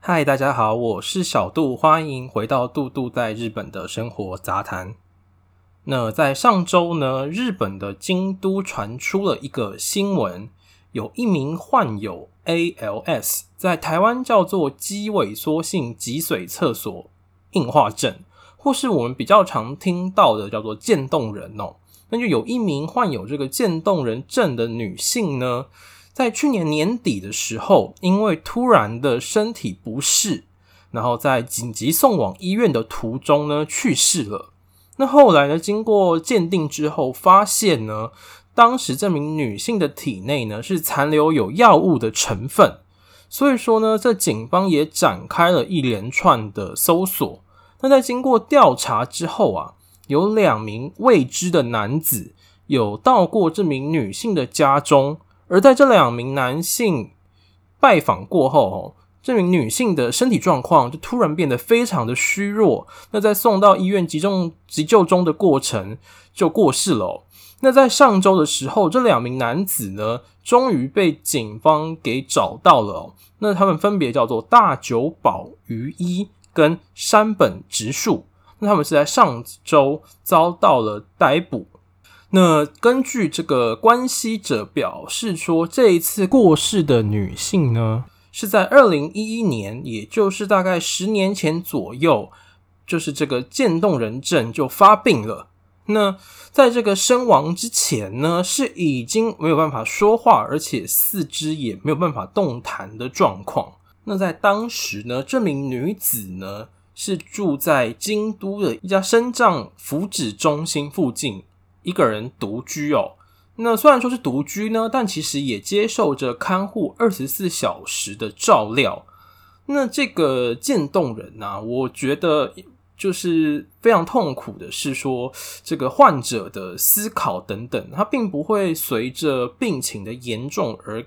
嗨，大家好，我是小杜，歡迎回到《杜杜在日本的生活雜談》。那在上周呢，日本的京都傳出了一個新聞，有一名患有 ALS，在台灣叫做肌萎縮性脊髓側索硬化症，或是我們比較常聽到的叫做漸凍人哦。那就有一名患有這個漸凍人症的女性呢，在去年年底的時候，因為突然的身體不適，然後在緊急送往醫院的途中呢去世了。那後來呢，經過鑑定之後，發現呢，當時這名女性的體內呢是殘留有藥物的成分，所以說呢，這警方也展開了一連串的搜索。那在經過調查之後啊。有兩名未知的男子有到過這名女性的家中，而在這兩名男性拜訪過後，哦，這名女性的身體狀況就突然變得非常的虛弱。那在送到醫院急中急救中的過程就過世了，哦。那在上周的時候，這兩名男子呢，終於被警方給找到了，哦。那他們分別叫做大久保於一跟山本直樹。那他們是在上周遭到了逮捕。那根據這個關係者表示說，這一次過世的女性呢，是在二零一一年，也就是大概十年前左右，就是這個漸凍人症就發病了。那在這個身亡之前呢，是已經沒有辦法說話，而且四肢也沒有辦法動彈的狀況。那在當時呢，這名女子呢。是住在京都的一家深藏福祉中心附近，一個人獨居哦、喔。那雖然說是獨居呢，但其實也接受着看護二十四小時的照料。那這個漸凍人啊，我覺得就是非常痛苦的，是說這個患者的思考等等，他並不會隨着病情的嚴重而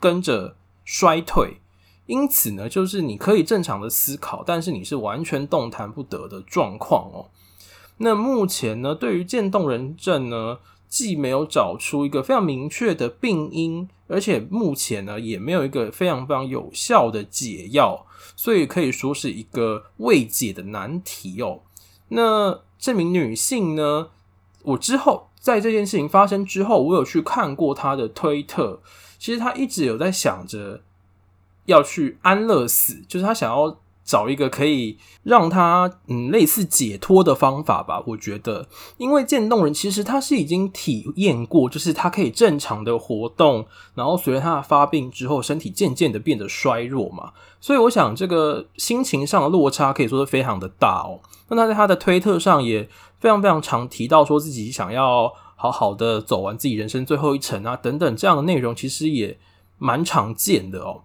跟着衰退。因此呢，就是你可以正常的思考，但是你是完全動彈不得的狀況哦。那目前呢，對於漸凍人症呢，既沒有找出一個非常明確的病因，而且目前呢，也沒有一個非常非常有效的解藥，所以可以說是一個未解的難題哦。那這名女性呢，我之後，在這件事情發生之後，我有去看過她的推特，其實她一直有在想着，要去安樂死，就是他想要找一個可以讓他嗯類似解脫的方法吧。我覺得，因為漸凍人其實他是已經體驗過，就是他可以正常的活動，然後隨着他的發病之後，身體漸漸的變得衰弱嘛。所以我想，這個心情上的落差可以說是非常的大喔。那他在他的推特上也非常非常常提到說自己想要好好的走完自己人生最後一程啊等等這樣的內容，其實也蠻常見的喔。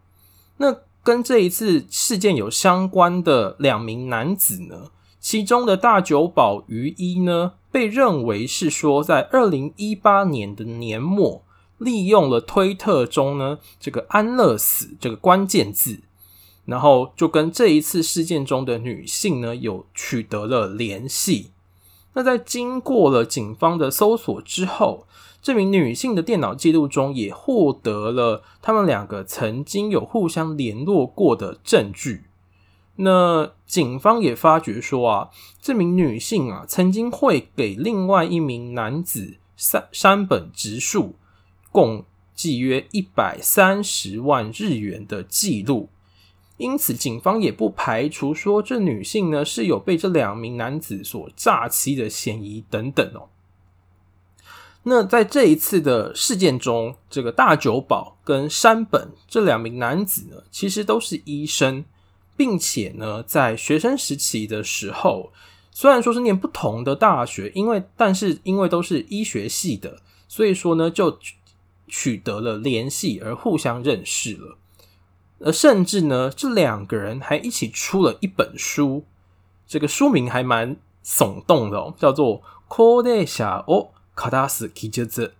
那跟這一次事件有相關的兩名男子呢，其中的大久保於一呢，被認為是說在二零一八年的年末利用了推特中呢，這個安樂死這個關鍵字，然後就跟這一次事件中的女性呢有取得了聯繫。那在經過了警方的搜索之後。這名女性的電腦記錄中也獲得了他們兩個曾經有互相聯絡過的證據。那警方也發覺說啊，這名女性啊曾經會給另外一名男子山本直樹共計約一百三十萬日元的記錄。因此，警方也不排除說這女性呢是有被這兩名男子所詐欺的嫌疑等等哦。那在這一次的事件中，這個大久保跟山本這兩名男子呢，其實都是醫生，並且呢，在學生時期的時候，雖然說是念不同的大學，因為但是因為都是醫學系的，所以說呢就取得了聯繫而互相認識了，呃，甚至呢，這兩個人還一起出了一本書，這個書名還蠻聳動的哦、喔，叫做《科德夏奧》。卡達斯傑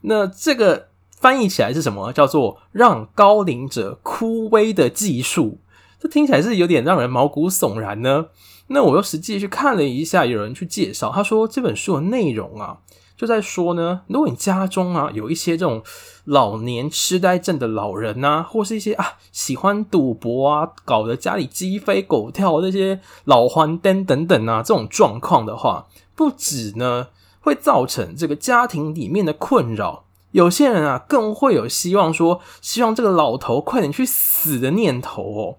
那這個翻譯起來是什麼？叫做讓高齡者枯萎的技術。這聽起來是有點讓人毛骨悚然呢。那我又實際去看了一下，有人去介紹，他說這本書的內容啊，就在說呢，如果你家中啊，有一些這種老年癡呆症的老人啊，或是一些啊喜歡賭博啊，搞得家裡雞飛狗跳，那些老還燈等等啊，這種狀況的話，不止呢。會造成這個家庭裡面的困擾。有些人啊，更會有希望說，希望這個老頭快點去死的念頭哦。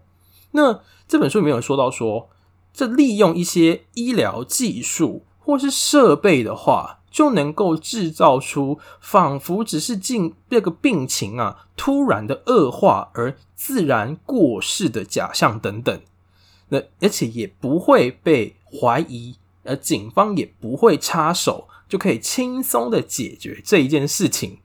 那這本書裡面有說到說，這利用一些醫療技術或是設備的話，就能夠制造出仿佛只是進這個病情啊突然的惡化而自然過世的假象等等。那而且也不會被懷疑，而警方也不會插手。就可以輕鬆的解決這一件事情，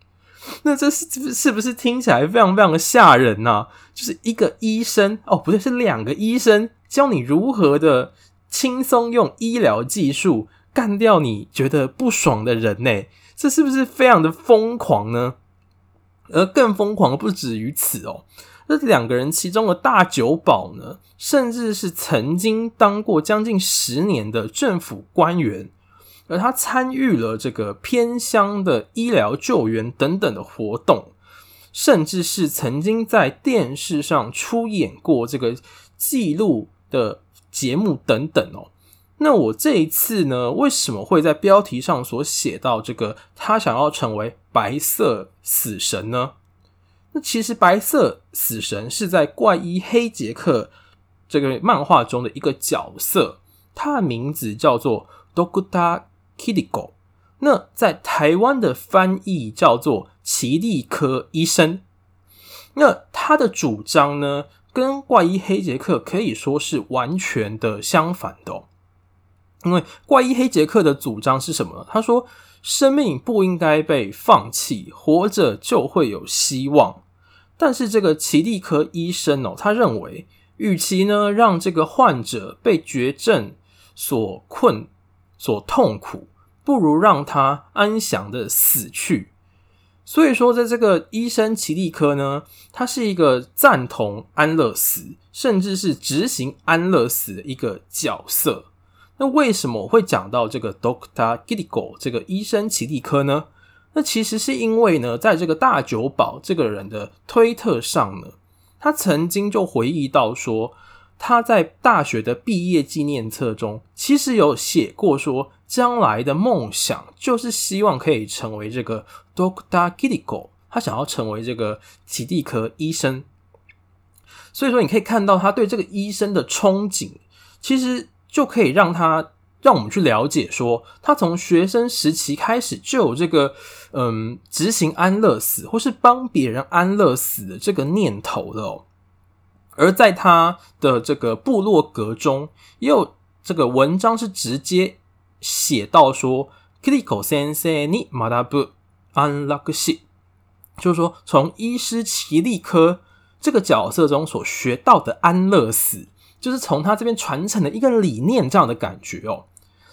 那這是不是是不是聽起來非常非常的嚇人呢、啊？就是一個醫生哦，不對，是兩個醫生教你如何的輕鬆用醫療技術幹掉你覺得不爽的人呢、欸？這是不是非常的瘋狂呢？而更瘋狂的不止於此哦，這兩個人其中的大久保呢，甚至是曾經當過將近十年的政府官員。而他參與了這個偏鄉的醫療救援等等的活動，甚至是曾經在電視上出演過這個紀錄的節目等等哦、喔。那我這一次呢，為什麼會在標題上所寫到這個他想要成為白色死神呢？那其實白色死神是在怪醫黑杰克這個漫畫中的一個角色，他的名字叫做古奇力狗，那在台灣的翻譯叫做奇力科醫生。那他的主張呢，跟怪醫黑傑克可以說是完全的相反的、喔。因為怪醫黑傑克的主張是什麼呢？他說生命不應該被放棄，活着就會有希望。但是這個奇力科醫生哦、喔，他認為，與其呢讓這個患者被絕症所困。所痛苦，不如讓他安詳的死去。所以說，在這個醫生齊利科呢，他是一個贊同安樂死，甚至是執行安樂死的一個角色。那為什麼我會講到這個 Doctor Gitigo 這個醫生齊利科呢？那其實是因為呢，在這個大久保這個人的推特上呢，他曾經就回憶到說。他在大學的畢業紀念冊中，其實有寫過說，將來的夢想就是希望可以成為這個 Doctor Kiddy 狗，他想要成為這個奇地科醫生。所以說，你可以看到他對這個醫生的憧憬，其實就可以讓他讓我們去了解說，說他從學生時期開始就有這個嗯，執行安樂死或是幫別人安樂死的這個念頭了喔。而在他的這個部落格中，也有這個文章是直接寫到說，キリコ先生に學ぶ安楽死。就是說從醫師奇利科這個角色中所學到的安樂死，就是從他這邊傳承的一個理念這樣的感覺哦、喔。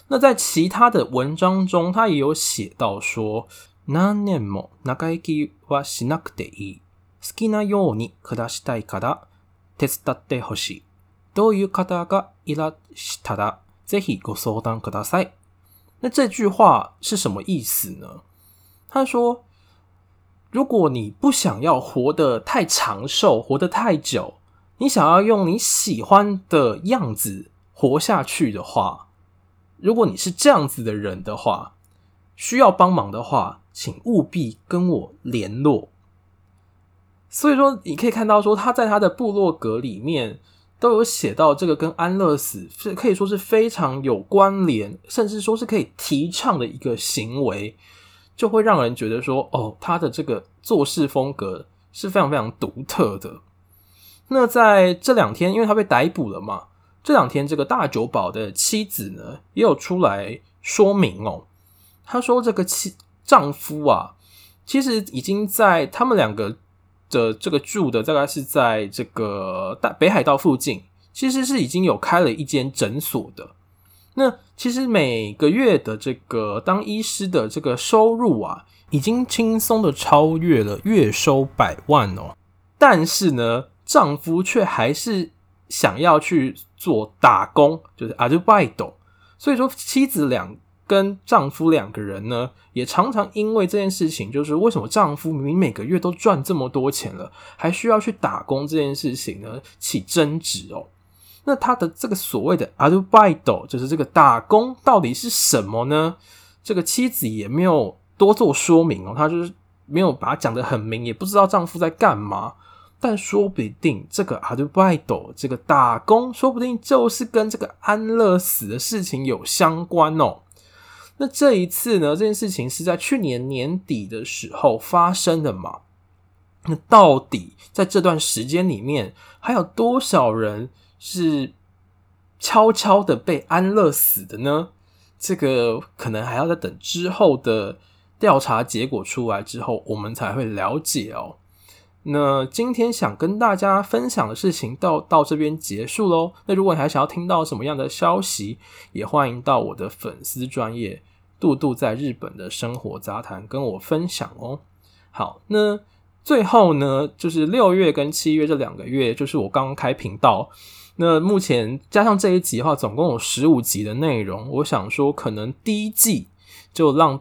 那在其他的文章中，他也有寫到說，何年も長生きはしなくていい、好きなように暮らしたいから。手伝って欲しい。どういう方がいらしたら、ぜひご相談ください。那這句話是什麼意思呢？他說：“如果你不想要活得太長壽、活得太久，你想要用你喜歡的樣子活下去的話，如果你是這樣子的人的話，需要幫忙的話，請務必跟我聯絡。”所以說，你可以看到說他在他的部落格裡面都有寫到這個跟安樂死是可以說是非常有關聯，甚至說是可以提倡的一個行為，就會讓人覺得說哦，他的這個做事風格是非常非常獨特的。那在這兩天，因為他被逮捕了嘛，這兩天這個大久保的妻子呢，也有出來說明哦、喔，他說這個妻丈夫啊，其實已經在他們兩個。的這個住的大概是在這個大北海道附近，其實是已經有開了一間診所的。那其實每個月的這個當醫師的這個收入啊，已經輕鬆的超越了月收百萬哦。但是呢，丈夫卻還是想要去做打工，就是アルバイト。所以說，妻子兩。跟丈夫兩個人呢，也常常因為這件事情，就是為什麼丈夫明明每個月都賺這麼多錢了，還需要去打工這件事情呢起爭執哦。那他的這個所謂的阿杜拜斗，就是這個打工到底是什麼呢？這個妻子也沒有多做說明哦，她就是沒有把它講得很明，也不知道丈夫在幹嘛。但說不定這個阿杜拜斗這個打工，說不定就是跟這個安樂死的事情有相關哦。那這一次呢？這件事情是在去年年底的時候發生的嘛？那到底在這段時間裡面，還有多少人是悄悄的被安樂死的呢？這個可能還要再等之後的調查結果出來之後，我們才會了解哦、喔。那今天想跟大家分享的事情到到這邊結束嘍。那如果你還想要聽到什麼樣的消息，也歡迎到我的粉絲專業杜杜在日本的生活雜談跟我分享哦、喔。好，那最後呢，就是六月跟七月這兩個月，就是我剛開頻道，那目前加上這一集的話，總共有十五集的內容。我想說，可能第一季就讓。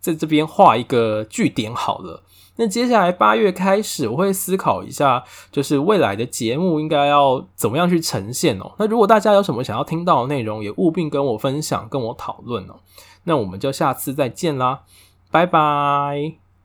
在這邊畫一個句點好了。那接下來八月開始，我會思考一下，就是未來的節目應該要怎麼樣去呈現哦、喔。那如果大家有什麼想要聽到的內容，也務必跟我分享，跟我討論哦。那我們就下次再見啦，拜拜。